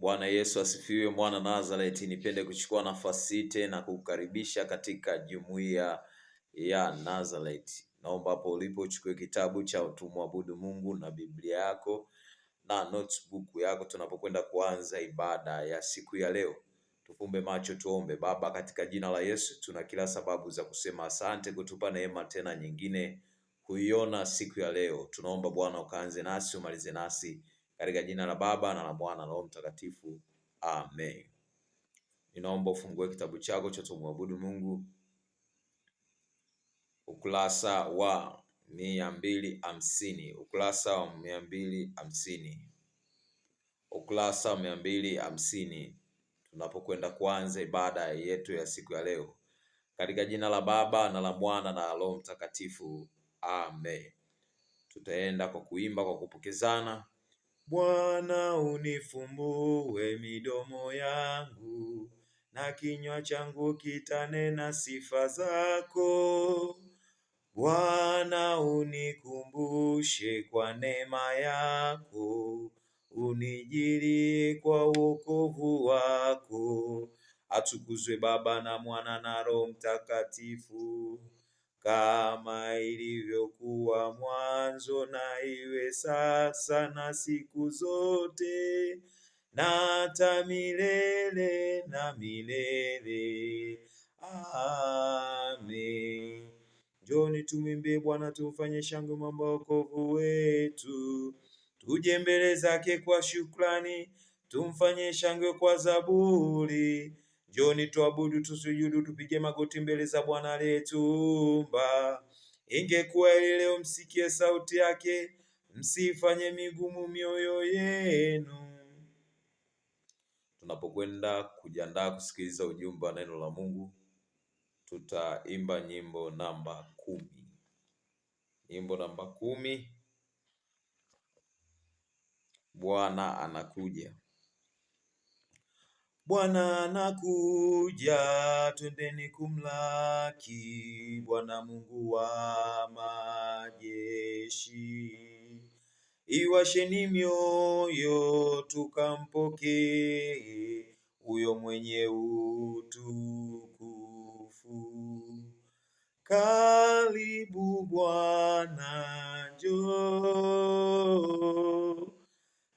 Bwana Yesu asifiwe, mwana Nazareti. Nipende kuchukua nafasi hii tena kukukaribisha katika jumuiya ya Nazareti. Naomba hapo ulipo uchukue kitabu cha Tumwabudu Mungu na Biblia yako na notebook yako, tunapokwenda kuanza ibada ya siku ya leo. Tufumbe macho tuombe. Baba, katika jina la Yesu, tuna kila sababu za kusema asante kutupa neema tena nyingine kuiona siku ya leo. Tunaomba Bwana ukaanze nasi umalize nasi katika jina la Baba na la Mwana na Roho Mtakatifu, amen. Ninaomba ufungue kitabu chako cha Tumwabudu Mungu ukurasa wa mia mbili hamsini ukurasa wa mia mbili hamsini ukurasa wa mia mbili hamsini tunapokwenda kuanza ibada yetu ya siku ya leo, katika jina la Baba na la Mwana na Roho Mtakatifu, amen. Tutaenda kwa kuimba kwa kupokezana Bwana unifumbue midomo yangu, na kinywa changu kitanena sifa zako. Bwana unikumbushe kwa neema yako, unijirie kwa wokovu wako. Atukuzwe Baba na Mwana na Roho Mtakatifu kama ilivyokuwa mwanzo, na iwe sasa na siku zote na hata milele na milele. Amen. Njoni tumwimbie Bwana, tumfanye shangwe mwamba wokovu wetu. Tuje mbele zake kwa shukrani, tumfanye shangwe kwa zaburi. Njoni tuabudu, tusujudu, tupige magoti mbele za Bwana aliyetuumba. Ingekuwa ile leo msikie sauti yake, msifanye migumu mioyo yenu. Tunapokwenda kujiandaa kusikiliza ujumbe wa neno la Mungu, tutaimba nyimbo namba kumi. Nyimbo namba kumi, Bwana anakuja. Bwana anakuja, twendeni kumlaki Bwana Mungu wa majeshi. Iwasheni mioyo, tukampokee huyo mwenye utukufu. Karibu Bwana, njoo.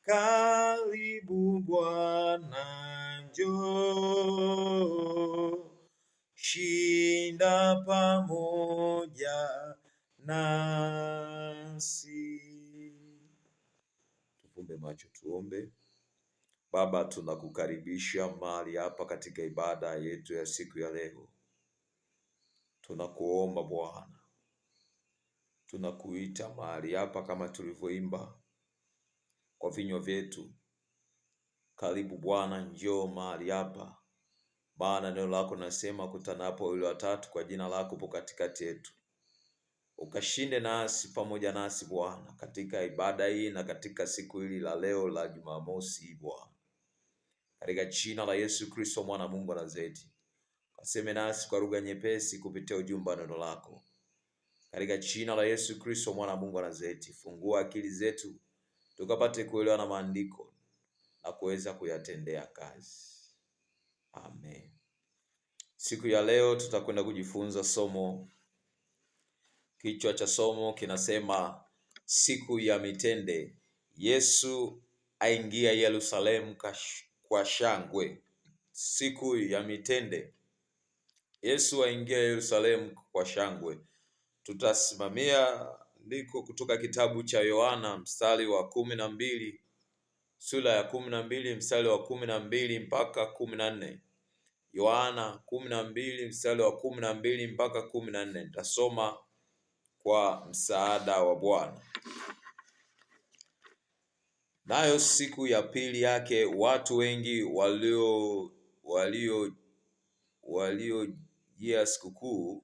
Karibu Bwana shinda pamoja nasi. Tufumbe macho tuombe. Baba, tunakukaribisha mahali hapa katika ibada yetu ya siku ya leo. Tunakuomba Bwana, tunakuita mahali hapa kama tulivyoimba kwa vinywa vyetu karibu Bwana, njoo mahali hapa Bwana. Neno lako nasema kutanapo wawili watatu kwa jina lako upo katikati yetu, ukashinde nasi pamoja nasi Bwana, katika ibada hii na katika siku hili la leo la Jumamosi Bwana, katika jina la Yesu Kristo mwana Mungu Nazareti, kaseme nasi kwa lugha nyepesi kupitia ujumbe neno lako katika jina la Yesu Kristo mwana Mungu Nazareti, fungua akili zetu tukapate kuelewa na maandiko na kuweza kuyatendea kazi. Amen. Siku ya leo tutakwenda kujifunza somo. Kichwa cha somo kinasema siku ya mitende, Yesu aingia Yerusalemu kwa shangwe. Siku ya mitende, Yesu aingia Yerusalemu kwa shangwe. Tutasimamia andiko kutoka kitabu cha Yohana mstari wa kumi na mbili sura ya kumi na mbili mstari wa kumi na mbili mpaka kumi na nne Yohana kumi na mbili mstari wa kumi na mbili mpaka kumi na nne Nitasoma kwa msaada wa Bwana. Nayo siku ya pili yake watu wengi walio walio waliojia sikukuu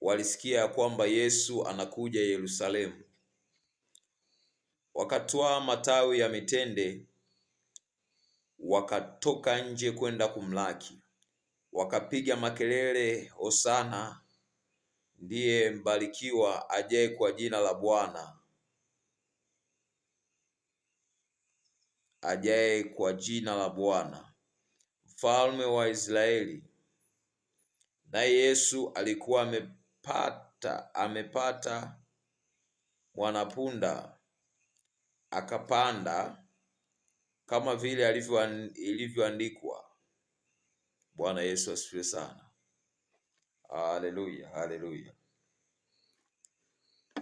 walisikia ya kwamba Yesu anakuja Yerusalemu. Wakatwaa matawi ya mitende, wakatoka nje kwenda kumlaki, wakapiga makelele, Hosana, ndiye mbarikiwa ajaye kwa jina la Bwana, ajaye kwa jina la Bwana, mfalme wa Israeli. Naye Yesu alikuwa amepata amepata mwanapunda akapanda kama vile ilivyoandikwa. Bwana Yesu asifiwe sana. Haleluya, haleluya.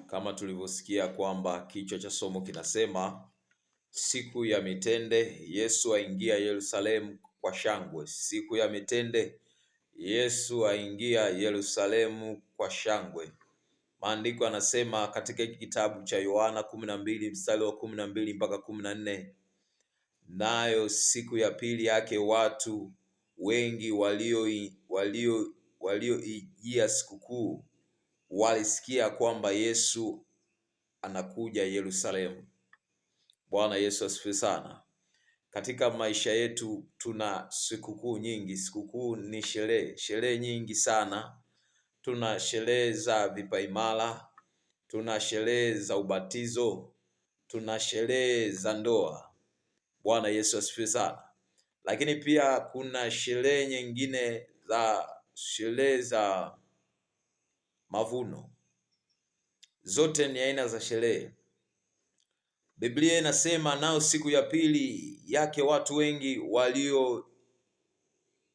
Kama tulivyosikia kwamba kichwa cha somo kinasema siku ya mitende, Yesu aingia Yerusalemu kwa shangwe. Siku ya mitende, Yesu aingia Yerusalemu kwa shangwe. Maandiko yanasema katika hiki kitabu cha Yohana kumi na mbili mstari wa kumi na mbili mpaka kumi na nne nayo siku ya pili yake watu wengi walio walio walioijia sikukuu walisikia kwamba Yesu anakuja Yerusalemu. Bwana Yesu asifiwe sana. Katika maisha yetu tuna sikukuu nyingi. Sikukuu ni sherehe, sherehe nyingi sana tuna sherehe za vipaimara, tuna sherehe za ubatizo, tuna sherehe za ndoa. Bwana Yesu asifiwe sana. Lakini pia kuna sherehe nyingine za sherehe za mavuno. Zote ni aina za sherehe. Biblia inasema nao siku ya pili yake watu wengi walio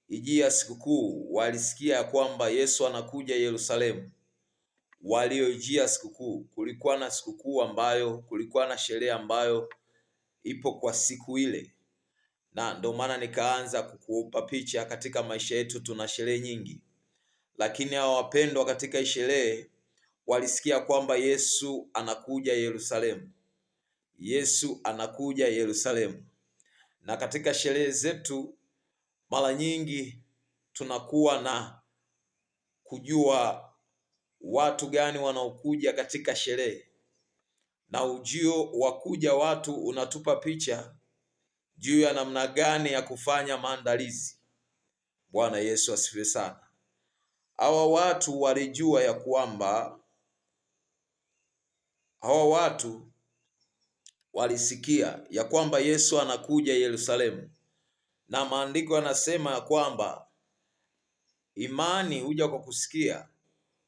ijia sikukuu walisikia ya kwamba Yesu anakuja Yerusalemu. Walioijia sikukuu, kulikuwa na sikukuu ambayo kulikuwa na sherehe ambayo ipo kwa siku ile, na ndio maana nikaanza kukuupa picha. Katika maisha yetu tuna sherehe nyingi, lakini hawa wapendwa, katika sherehe walisikia kwamba Yesu anakuja Yerusalemu, Yesu anakuja Yerusalemu. Na katika sherehe zetu mara nyingi tunakuwa na kujua watu gani wanaokuja katika sherehe, na ujio wa kuja watu unatupa picha juu ya namna gani ya kufanya maandalizi. Bwana Yesu asifiwe sana. Hawa watu walijua ya kwamba hawa watu walisikia ya kwamba Yesu anakuja Yerusalemu na maandiko yanasema ya kwamba imani huja kwa kusikia,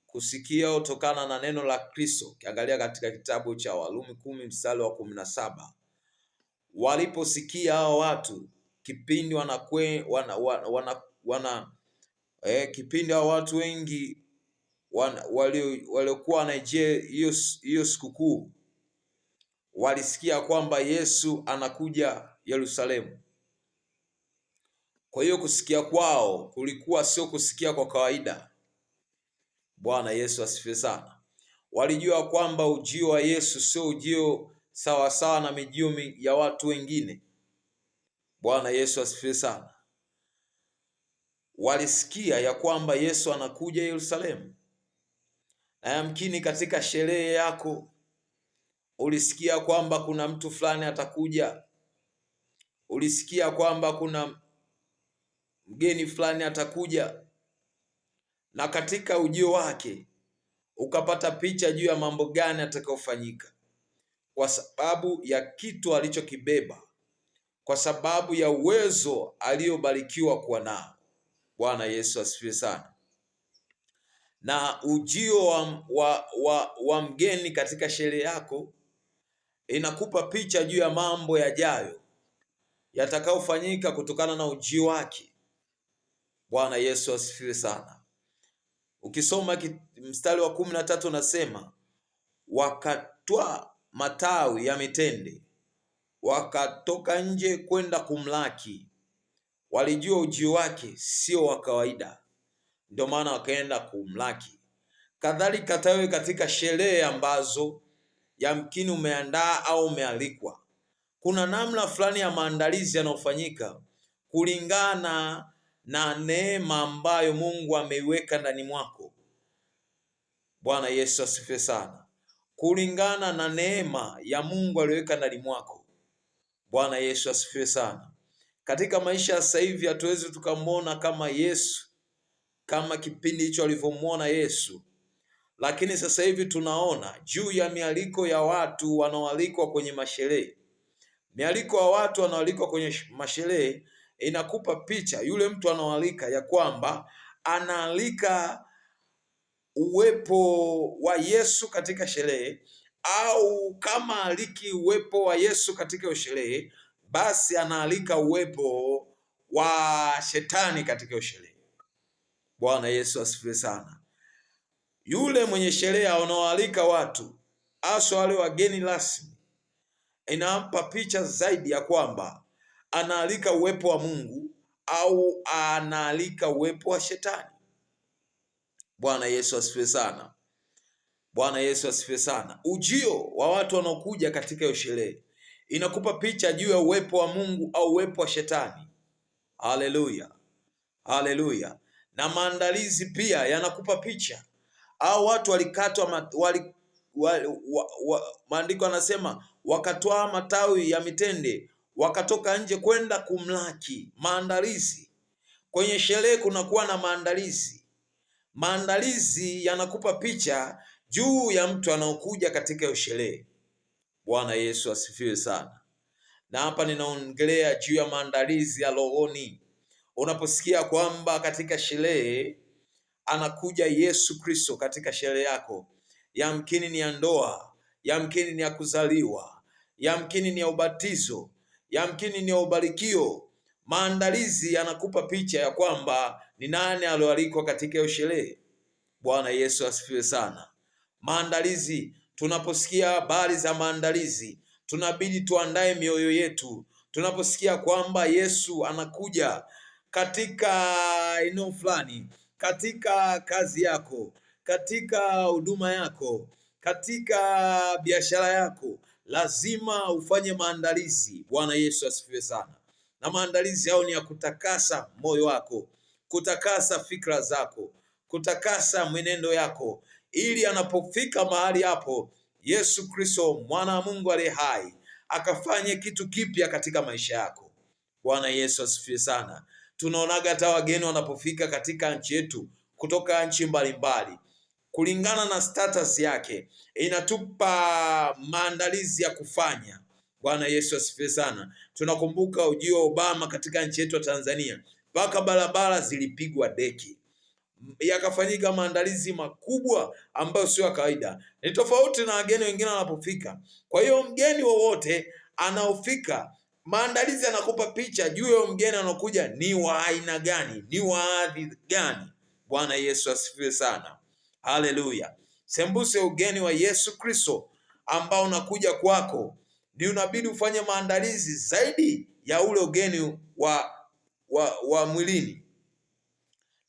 kusikia hutokana na neno la Kristo. Ukiangalia katika kitabu cha Warumi kumi mstari wa kumi na saba waliposikia hao watu kipindi wanakwe, wana, wana, wana, wana eh, kipindi hao watu wengi waliokuwa wanaijia hiyo sikukuu walisikia kwamba Yesu anakuja Yerusalemu kwa hiyo kusikia kwao kulikuwa sio kusikia kwa kawaida. Bwana Yesu asifiwe sana. Walijua kwamba ujio wa Yesu sio ujio sawasawa na mijio ya watu wengine. Bwana Yesu asifiwe sana. Walisikia ya kwamba Yesu anakuja Yerusalemu, na yamkini katika sherehe yako ulisikia kwamba kuna mtu fulani atakuja, ulisikia kwamba kuna mgeni fulani atakuja na katika ujio wake ukapata picha juu ya mambo gani atakayofanyika, kwa sababu ya kitu alichokibeba, kwa sababu ya uwezo aliyobarikiwa kuwa nao. Bwana Yesu asifiwe sana. Na ujio wa, wa, wa, wa mgeni katika sherehe yako inakupa picha juu ya mambo yajayo yatakayofanyika kutokana na ujio wake Bwana Yesu asifiwe sana. Ukisoma mstari wa kumi na tatu unasema wakatwa matawi ya mitende wakatoka nje kwenda kumlaki, walijua ujio wake sio wa kawaida, ndio maana wakaenda kumlaki. Kadhalika tawe katika sherehe ambazo yamkini umeandaa au umealikwa, kuna namna fulani ya maandalizi yanayofanyika kulingana na neema ambayo Mungu ameiweka ndani mwako. Bwana Yesu asifiwe sana, kulingana na neema ya Mungu aliyoweka ndani mwako. Bwana Yesu asifiwe sana. Katika maisha sasa hivi hatuwezi tukamwona kama Yesu kama kipindi hicho alivyomwona Yesu, lakini sasa hivi tunaona juu ya mialiko ya watu wanaoalikwa kwenye masherehe, mialiko ya watu wanaoalikwa kwenye masherehe inakupa picha yule mtu anaoalika ya kwamba anaalika uwepo wa Yesu katika sherehe au kama aliki uwepo wa Yesu katika sherehe, basi anaalika uwepo wa shetani katika sherehe. Bwana Yesu asifiwe sana. Yule mwenye sherehe anaoalika watu, hasa wale wageni rasmi, inampa picha zaidi ya kwamba anaalika uwepo wa Mungu au anaalika uwepo wa shetani. Bwana Yesu asifiwe sana. Bwana Yesu asifiwe sana. Ujio wa watu wanaokuja katika hiyo sherehe inakupa picha juu ya uwepo wa Mungu au uwepo wa shetani. Haleluya, haleluya. Na maandalizi pia yanakupa picha au watu walikatwa wali, wa, wa, maandiko anasema wakatwaa matawi ya mitende wakatoka nje kwenda kumlaki. Maandalizi kwenye sherehe, kunakuwa na maandalizi. Maandalizi yanakupa picha juu ya mtu anaokuja katika hiyo sherehe. Bwana Yesu asifiwe sana. Na hapa ninaongelea juu ya maandalizi ya rohoni. Unaposikia kwamba katika sherehe anakuja Yesu Kristo katika sherehe yako, yamkini ni ya ndoa, yamkini ni ya kuzaliwa, yamkini ni ya ubatizo, yamkini ni ubarikio. Maandalizi yanakupa picha ya kwamba ni nani alioalikwa katika hiyo sherehe. Bwana Yesu asifiwe sana. Maandalizi, tunaposikia habari za maandalizi, tunabidi tuandae mioyo yetu. Tunaposikia kwamba Yesu anakuja katika eneo fulani, katika kazi yako, katika huduma yako, katika biashara yako lazima ufanye maandalizi. Bwana Yesu asifiwe sana. Na maandalizi yao ni ya kutakasa moyo wako, kutakasa fikra zako, kutakasa mwenendo yako, ili anapofika mahali hapo Yesu Kristo mwana wa Mungu aliye hai akafanye kitu kipya katika maisha yako. Bwana Yesu asifiwe sana. Tunaonaga hata wageni wanapofika katika nchi yetu kutoka nchi mbalimbali kulingana na status yake, inatupa maandalizi ya kufanya. Bwana Yesu asifiwe sana. Tunakumbuka ujio wa Obama katika nchi yetu ya Tanzania, mpaka barabara zilipigwa deki, yakafanyika maandalizi makubwa ambayo sio ya kawaida, ni tofauti na wageni wengine wanapofika. Kwa hiyo mgeni wowote anaofika maandalizi anakupa picha juu ya mgeni anaokuja ni wa aina gani, ni wa hadhi gani. Bwana Yesu asifiwe sana. Haleluya! Sembuse ugeni wa Yesu Kristo ambao unakuja kwako, ni unabidi ufanye maandalizi zaidi ya ule ugeni wa, wa, wa mwilini,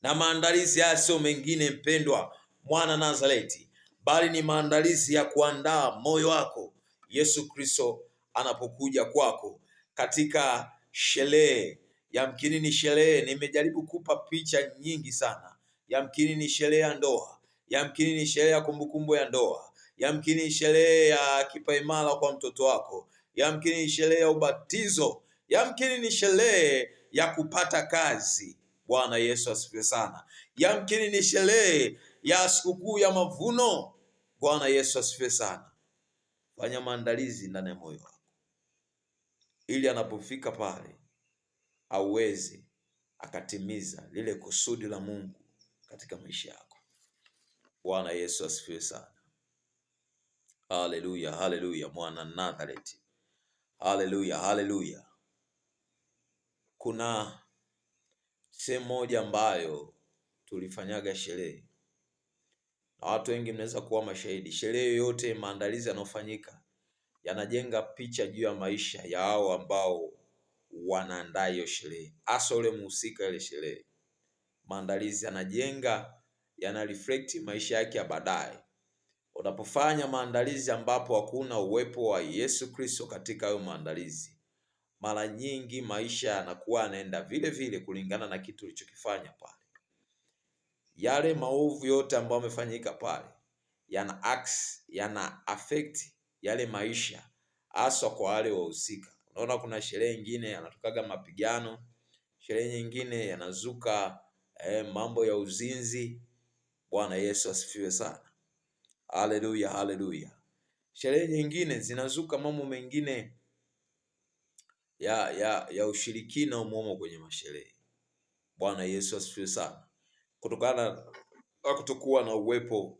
na maandalizi haya sio mengine mpendwa mwana Nazareti, bali ni maandalizi ya kuandaa moyo wako Yesu Kristo anapokuja kwako katika sherehe. Yamkini ni sherehe, nimejaribu kupa picha nyingi sana. Yamkini ni sherehe ya ndoa yamkini ni sherehe ya kumbukumbu ya ndoa, yamkini ni sherehe ya kipaimara kwa mtoto wako, yamkini ni sherehe ya ubatizo, yamkini ni sherehe ya kupata kazi. Bwana Yesu asifiwe sana. Yamkini ni sherehe ya sikukuu ya mavuno. Bwana Yesu asifiwe sana. Fanya maandalizi ndani ya moyo wako, ili anapofika pale aweze akatimiza lile kusudi la Mungu katika maisha yako. Bwana Yesu asifiwe sana. Haleluya, haleluya, mwana Nazareti. Haleluya, haleluya. Kuna sehemu moja ambayo tulifanyaga sherehe na watu wengi mnaweza kuwa mashahidi. Sherehe yoyote, maandalizi yanayofanyika yanajenga picha juu ya maisha ya hao ambao wanaandaa hiyo sherehe, hasa ule mhusika ile sherehe. Maandalizi yanajenga yana reflect maisha yake ya baadaye. Unapofanya maandalizi ambapo hakuna uwepo wa Yesu Kristo katika hayo maandalizi, mara nyingi maisha yanakuwa yanaenda vile vile kulingana na kitu ulichokifanya pale. Yale maovu yote ambayo yamefanyika pale yana acts, yana affect yale maisha, haswa kwa wale wahusika. Unaona, kuna sherehe nyingine yanatokaga mapigano, sherehe nyingine yanazuka eh, mambo ya uzinzi Bwana Yesu asifiwe sana, haleluya, haleluya. Sherehe nyingine zinazuka mambo mengine ya ya ya ushirikina umomo kwenye masherehe. Bwana Yesu asifiwe sana, kutokana na kutokuwa na uwepo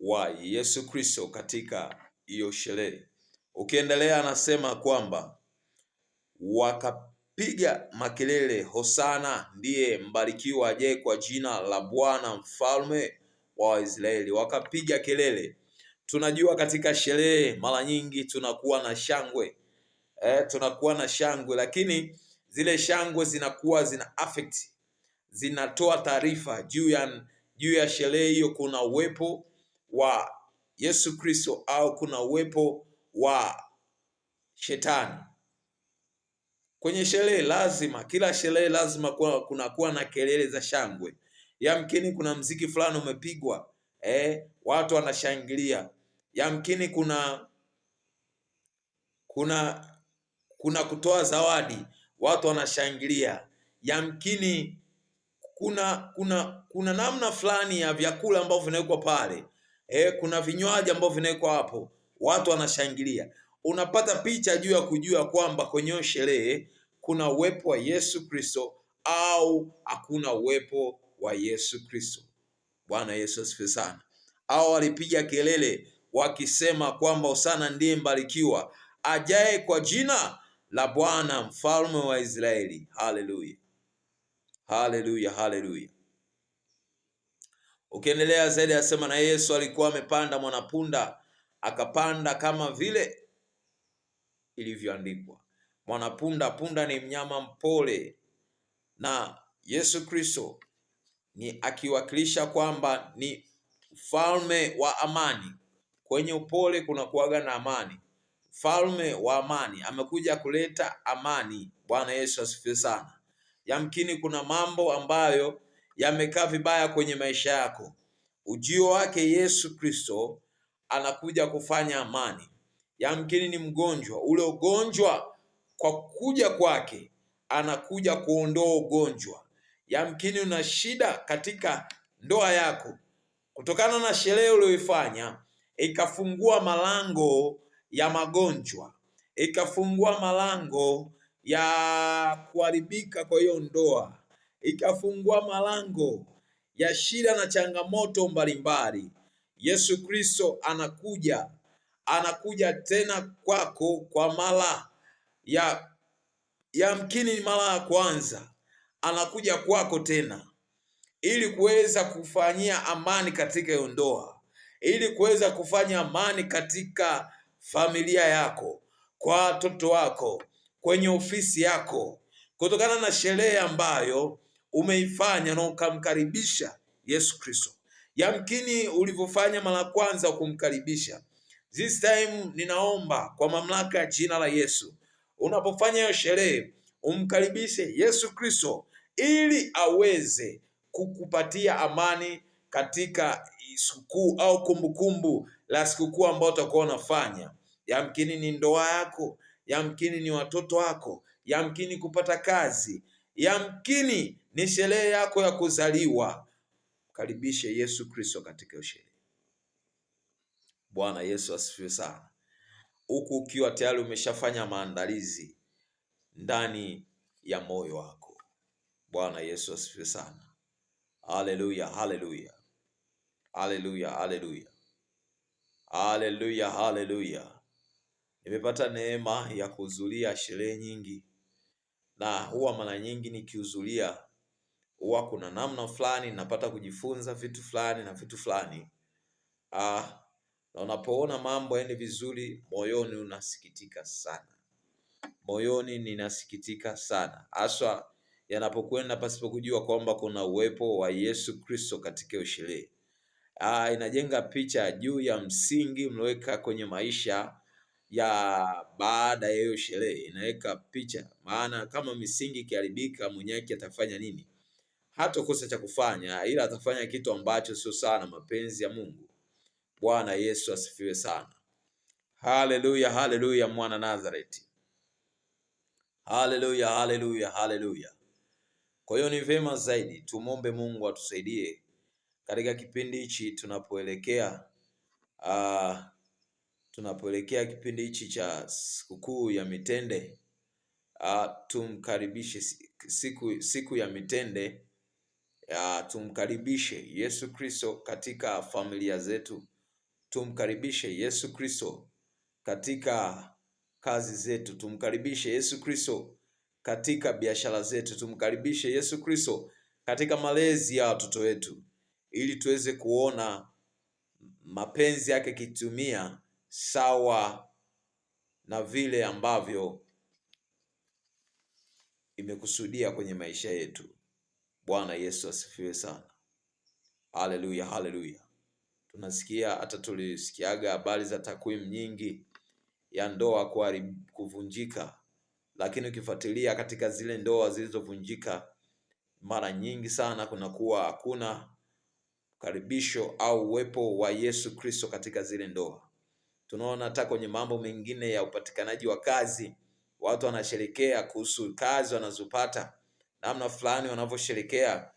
wa Yesu Kristo katika hiyo sherehe. Ukiendelea anasema kwamba wakapiga makelele, Hosana, ndiye mbarikiwa aje kwa jina la Bwana, mfalme wa Israeli wakapiga kelele. Tunajua katika sherehe mara nyingi tunakuwa na shangwe eh, tunakuwa na shangwe, lakini zile shangwe zinakuwa zina affect, zinatoa taarifa juu ya juu ya sherehe hiyo, kuna uwepo wa Yesu Kristo au kuna uwepo wa shetani kwenye sherehe. Lazima kila sherehe lazima kunakuwa na kelele za shangwe yamkini kuna mziki fulani umepigwa eh, watu wanashangilia, yamkini kuna kuna kuna kutoa zawadi, watu wanashangilia, yamkini kuna kuna kuna namna fulani ya vyakula ambavyo vinawekwa pale eh, kuna vinywaji ambavyo vinawekwa hapo, watu wanashangilia. Unapata picha juu ya kujua kwamba kwenye sherehe kuna uwepo wa Yesu Kristo au hakuna uwepo wa Yesu Kristo. Bwana Yesu asifiwe sana. Hao walipiga kelele wakisema kwamba Hosana ndiye mbarikiwa ajaye kwa jina la Bwana mfalme wa Israeli. Haleluya, haleluya, haleluya. Ukiendelea zaidi, asema, na Yesu alikuwa amepanda mwanapunda, akapanda kama vile ilivyoandikwa. Mwanapunda, punda ni mnyama mpole, na Yesu Kristo ni akiwakilisha kwamba ni mfalme wa amani. Kwenye upole kuna kuaga na amani. Mfalme wa amani amekuja kuleta amani. Bwana Yesu asifiwe sana. Yamkini kuna mambo ambayo yamekaa vibaya kwenye maisha yako. Ujio wake Yesu Kristo anakuja kufanya amani. Yamkini ni mgonjwa, ule ugonjwa kwa kuja kwake anakuja kuondoa ugonjwa Yamkini una shida katika ndoa yako kutokana na sherehe uliyoifanya, ikafungua malango ya magonjwa, ikafungua malango ya kuharibika kwa hiyo ndoa, ikafungua malango ya shida na changamoto mbalimbali. Yesu Kristo anakuja, anakuja tena kwako kwa mara ya yamkini mara ya kwanza anakuja kwako tena ili kuweza kufanyia amani katika hiyo ndoa, ili kuweza kufanya amani katika familia yako, kwa watoto wako, kwenye ofisi yako, kutokana na sherehe ambayo umeifanya na ukamkaribisha Yesu Kristo. Yamkini ulivyofanya mara kwanza kumkaribisha, this time ninaomba kwa mamlaka ya jina la Yesu, unapofanya hiyo sherehe umkaribishe Yesu Kristo ili aweze kukupatia amani katika sikukuu au kumbukumbu la sikukuu ambayo utakuwa unafanya. Yamkini ni ndoa yako, yamkini ni watoto wako, yamkini kupata kazi, yamkini ni sherehe yako ya kuzaliwa. Karibishe Yesu Kristo katika sherehe. Bwana Yesu asifiwe sana. Huku ukiwa tayari umeshafanya maandalizi ndani ya moyo wako. Bwana Yesu asifiwe sana. Haleluya, haleluya, haleluya, haleluya, haleluya, haleluya. Nimepata neema ya kuhudhuria sherehe nyingi, na huwa mara nyingi nikihudhuria huwa kuna namna fulani napata kujifunza vitu fulani na vitu fulani ah, na unapoona mambo yaende vizuri, moyoni unasikitika sana, moyoni ninasikitika sana haswa yanapokwenda pasipo kujua kwamba kuna uwepo wa Yesu Kristo katika ushirika. Ah, inajenga picha juu ya msingi mlioweka kwenye maisha ya baada ya hiyo sherehe, inaweka picha. Maana kama misingi ikiharibika, mwenyeki atafanya nini? Hatakosa cha kufanya, ila atafanya kitu ambacho sio sana mapenzi ya Mungu. Bwana Yesu asifiwe sana. Haleluya, haleluya, mwana Nazareti. Haleluya, haleluya, haleluya. Kwa hiyo ni vyema zaidi tumombe Mungu atusaidie katika kipindi hichi tunapoelekea, uh, tunapoelekea kipindi hichi cha sikukuu ya mitende uh, tumkaribishe siku, siku ya mitende uh, tumkaribishe Yesu Kristo katika familia zetu, tumkaribishe Yesu Kristo katika kazi zetu, tumkaribishe Yesu Kristo katika biashara zetu. Tumkaribishe Yesu Kristo katika malezi ya watoto wetu, ili tuweze kuona mapenzi yake kitumia sawa na vile ambavyo imekusudia kwenye maisha yetu. Bwana Yesu asifiwe sana. Haleluya, haleluya. Tunasikia hata tulisikiaga habari za takwimu nyingi ya ndoa kuharibu, kuvunjika lakini ukifuatilia katika zile ndoa zilizovunjika, mara nyingi sana kunakuwa hakuna karibisho au uwepo wa Yesu Kristo katika zile ndoa. Tunaona hata kwenye mambo mengine ya upatikanaji wa kazi, watu wanasherekea kuhusu kazi wanazopata, namna fulani wanavyosherekea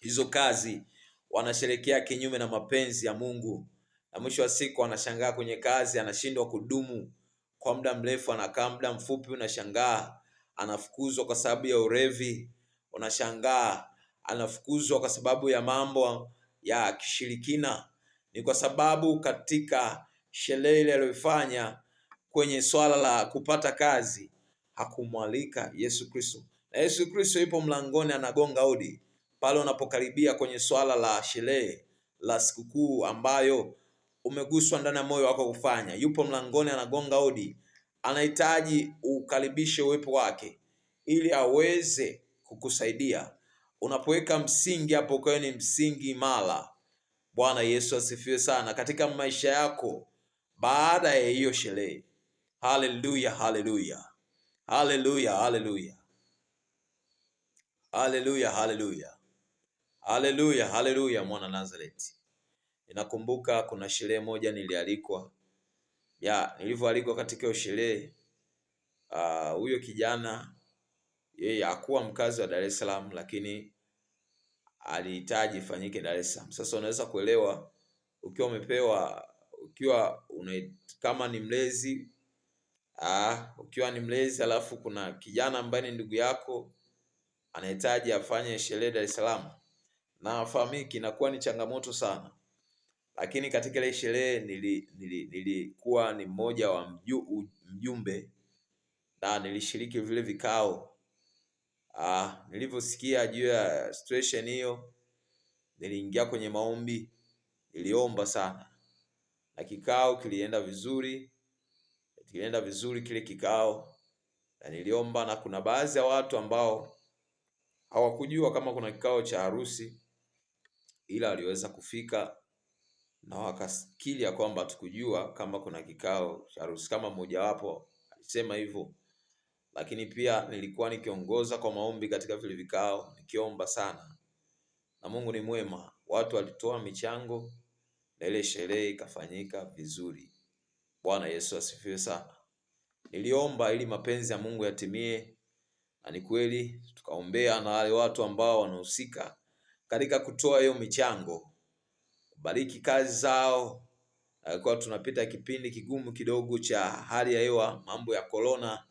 hizo kazi, wanasherekea kinyume na mapenzi ya Mungu, na mwisho wa siku anashangaa kwenye kazi anashindwa kudumu kwa muda mrefu, anakaa muda mfupi, unashangaa anafukuzwa kwa sababu ya urevi, unashangaa anafukuzwa kwa sababu ya mambo ya kishirikina. Ni kwa sababu katika sherehe ile aliyoifanya kwenye swala la kupata kazi hakumwalika Yesu Kristo, na Yesu Kristo yupo mlangoni anagonga hodi pale unapokaribia kwenye swala la sherehe la sikukuu ambayo umeguswa ndani ya moyo wako kufanya. Yupo mlangoni, anagonga hodi, anahitaji ukaribishe uwepo wake ili aweze kukusaidia. Unapoweka msingi hapo, kwa ni msingi imara. Bwana Yesu asifiwe sana katika maisha yako baada ya hiyo sherehe. Haleluya, haleluya, haleluya, haleluya, haleluya, haleluya, haleluya, haleluya, mwana Nazareti. Ninakumbuka kuna sherehe moja nilialikwa. Ya, nilivyoalikwa katika hiyo sherehe, ah, huyo kijana, yeye hakuwa mkazi wa Dar es Salaam lakini alihitaji ifanyike Dar es Salaam. Sasa unaweza kuelewa ukiwa umepewa ukiwa una, kama ni mlezi uh, ukiwa ni mlezi alafu kuna kijana ambaye ni ndugu yako anahitaji afanye sherehe Dar es Salaam na afahamiki, inakuwa ni changamoto sana. Lakini katika ile sherehe nilikuwa nili, nili ni mmoja wa mju, mjumbe na nilishiriki vile vikao. Ah, nilivyosikia juu ya situation hiyo niliingia kwenye maombi, niliomba sana na kikao kilienda vizuri, kilienda vizuri kile kikao, na niliomba, na kuna baadhi ya watu ambao hawakujua kama kuna kikao cha harusi, ila aliweza kufika na wakasikilia kwamba tukujua kama kuna kikao cha harusi, kama mmojawapo alisema hivyo. Lakini pia nilikuwa nikiongoza kwa maombi katika vile vikao, nikiomba sana, na Mungu ni mwema, watu walitoa michango na ile sherehe ikafanyika vizuri. Bwana Yesu asifiwe sana. Niliomba ili mapenzi ya Mungu yatimie, na ni kweli tukaombea na wale watu ambao wanahusika katika kutoa hiyo michango bariki kazi zao. Kwa tunapita kipindi kigumu kidogo cha hali ya hewa, mambo ya korona,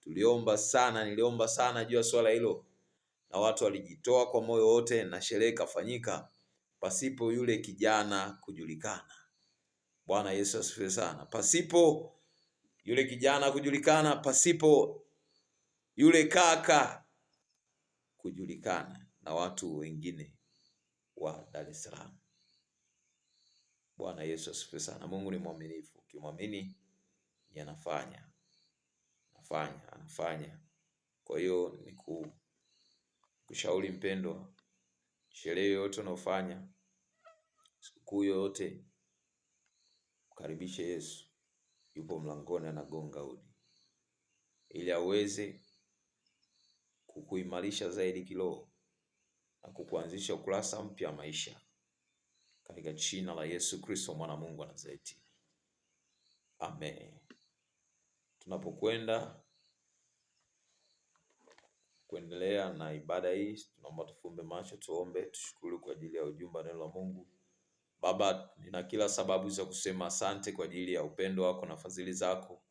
tuliomba sana, niliomba sana juu ya swala hilo, na watu walijitoa kwa moyo wote, na sherehe ikafanyika pasipo yule kijana kujulikana. Bwana Yesu asifiwe sana. Pasipo yule kijana kujulikana, pasipo yule kaka kujulikana na watu wengine wa Dar es Salaam. Bwana Yesu asifiwe sana. Mungu ni mwaminifu, ukimwamini yanafanya anafanya anafanya. Kwa hiyo ni kushauri mpendwa, sherehe yoyote unaofanya, sikukuu yoyote, mkaribishe Yesu, yupo mlangoni anagonga udi, ili aweze kukuimarisha zaidi kiroho na kukuanzisha ukurasa mpya wa maisha katika jina la Yesu Kristo mwana Mungu wa Nazareti, amen. Tunapokwenda kuendelea na ibada hii, tunaomba tufumbe macho, tuombe, tushukuru kwa ajili ya ujumbe neno la Mungu. Baba, nina kila sababu za kusema asante kwa ajili ya upendo wako na fadhili zako.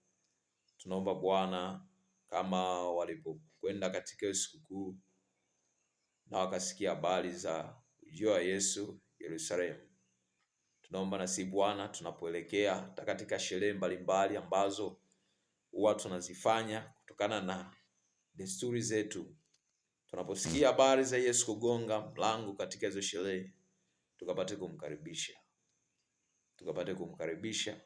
Tunaomba Bwana, kama walipokwenda katika sikukuu na wakasikia habari za ujio wa Yesu Yerusalemu. Tunaomba nasi Bwana, tunapoelekea hata katika sherehe mbalimbali ambazo huwa tunazifanya kutokana na desturi zetu, tunaposikia habari za Yesu kugonga mlango katika hizo sherehe, tukapate kumkaribisha, tukapate kumkaribisha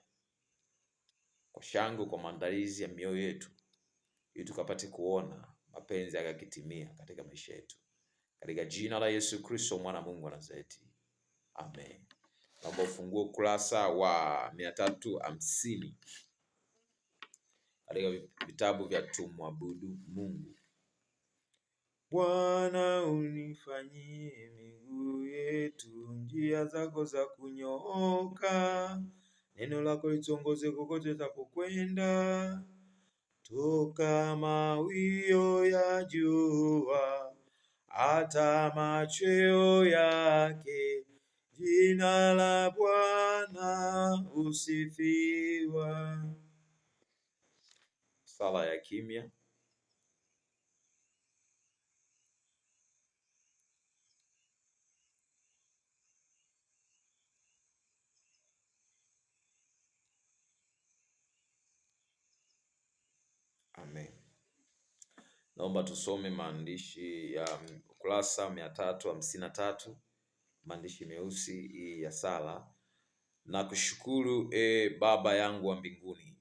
kwa shangwe, kwa maandalizi ya mioyo yetu, ili tukapate kuona mapenzi yakitimia katika maisha yetu, katika jina la Yesu Kristo mwana Mungu wa Nazareti. Amen. Naomba ufungue ukurasa wa mia tatu hamsini katika vitabu vya tumwabudu Mungu. Bwana, unifanyie miguu yetu njia zako za kunyooka, neno lako litongoze kokote tutapokwenda, toka mawio ya jua hata machweo yake Jina la Bwana usifiwa. Sala ya kimya. Amen. Naomba tusome maandishi ya kurasa mia tatu hamsini na tatu maandishi meusi hii ya sala, kushukuru e Baba yangu wa mbinguni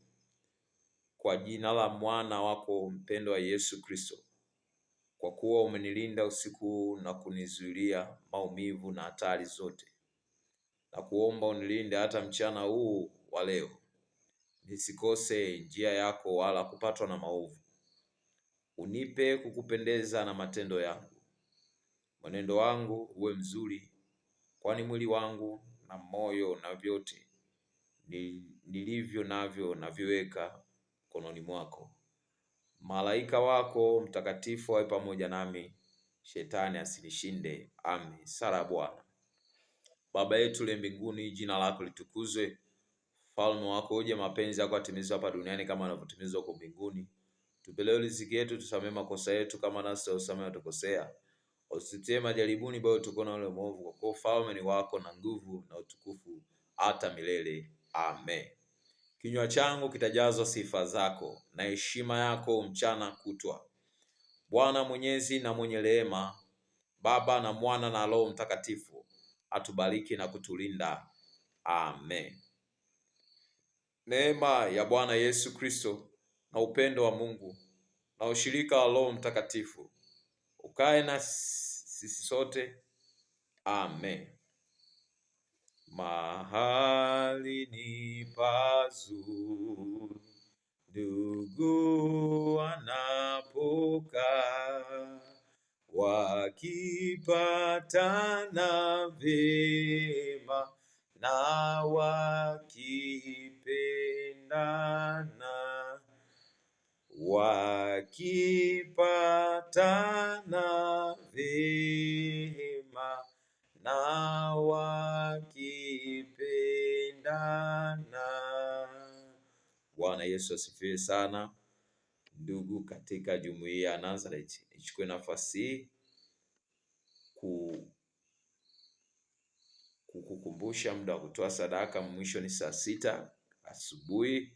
kwa jina la mwana wako mpendwa Yesu Kristo, kwa kuwa umenilinda usiku na kunizuilia maumivu na hatari zote, na kuomba unilinde hata mchana huu wa leo, nisikose njia yako wala kupatwa na maovu. Unipe kukupendeza na matendo yangu, mwenendo wangu uwe mzuri kwani mwili wangu na moyo na vyote nilivyo navyo naviweka mkononi mwako. Malaika wako mtakatifu awe pamoja nami, shetani asinishinde. Amen. Sala Bwana. Baba yetu uliye mbinguni, jina lako litukuzwe, falme wako uje, mapenzi yako atimizwe hapa duniani kama anavyotimizwa huko mbinguni. Tupe leo riziki yetu, tusamee makosa yetu kama nasi tusamee watukosea Usitie majaribuni bali na yule mwovu, kwa kuwa ufalme ni wako na nguvu na utukufu hata milele. Amen. Kinywa changu kitajazwa sifa zako na heshima yako mchana kutwa. Bwana Mwenyezi na mwenye rehema, Baba na Mwana na Roho Mtakatifu, atubariki na kutulinda. Amen. Neema ya Bwana Yesu Kristo na upendo wa Mungu na ushirika wa Roho Mtakatifu ukae na sisi sote amen. Mahali ni pazuri ndugu wanapokaa wakipatana vyema na wakipendana wakipatana vyema na wakipendana. Bwana Yesu asifiwe sana. Ndugu katika jumuiya ya Nazareth, nichukue nafasi hii kukukumbusha muda wa kutoa sadaka. Mwisho ni saa sita asubuhi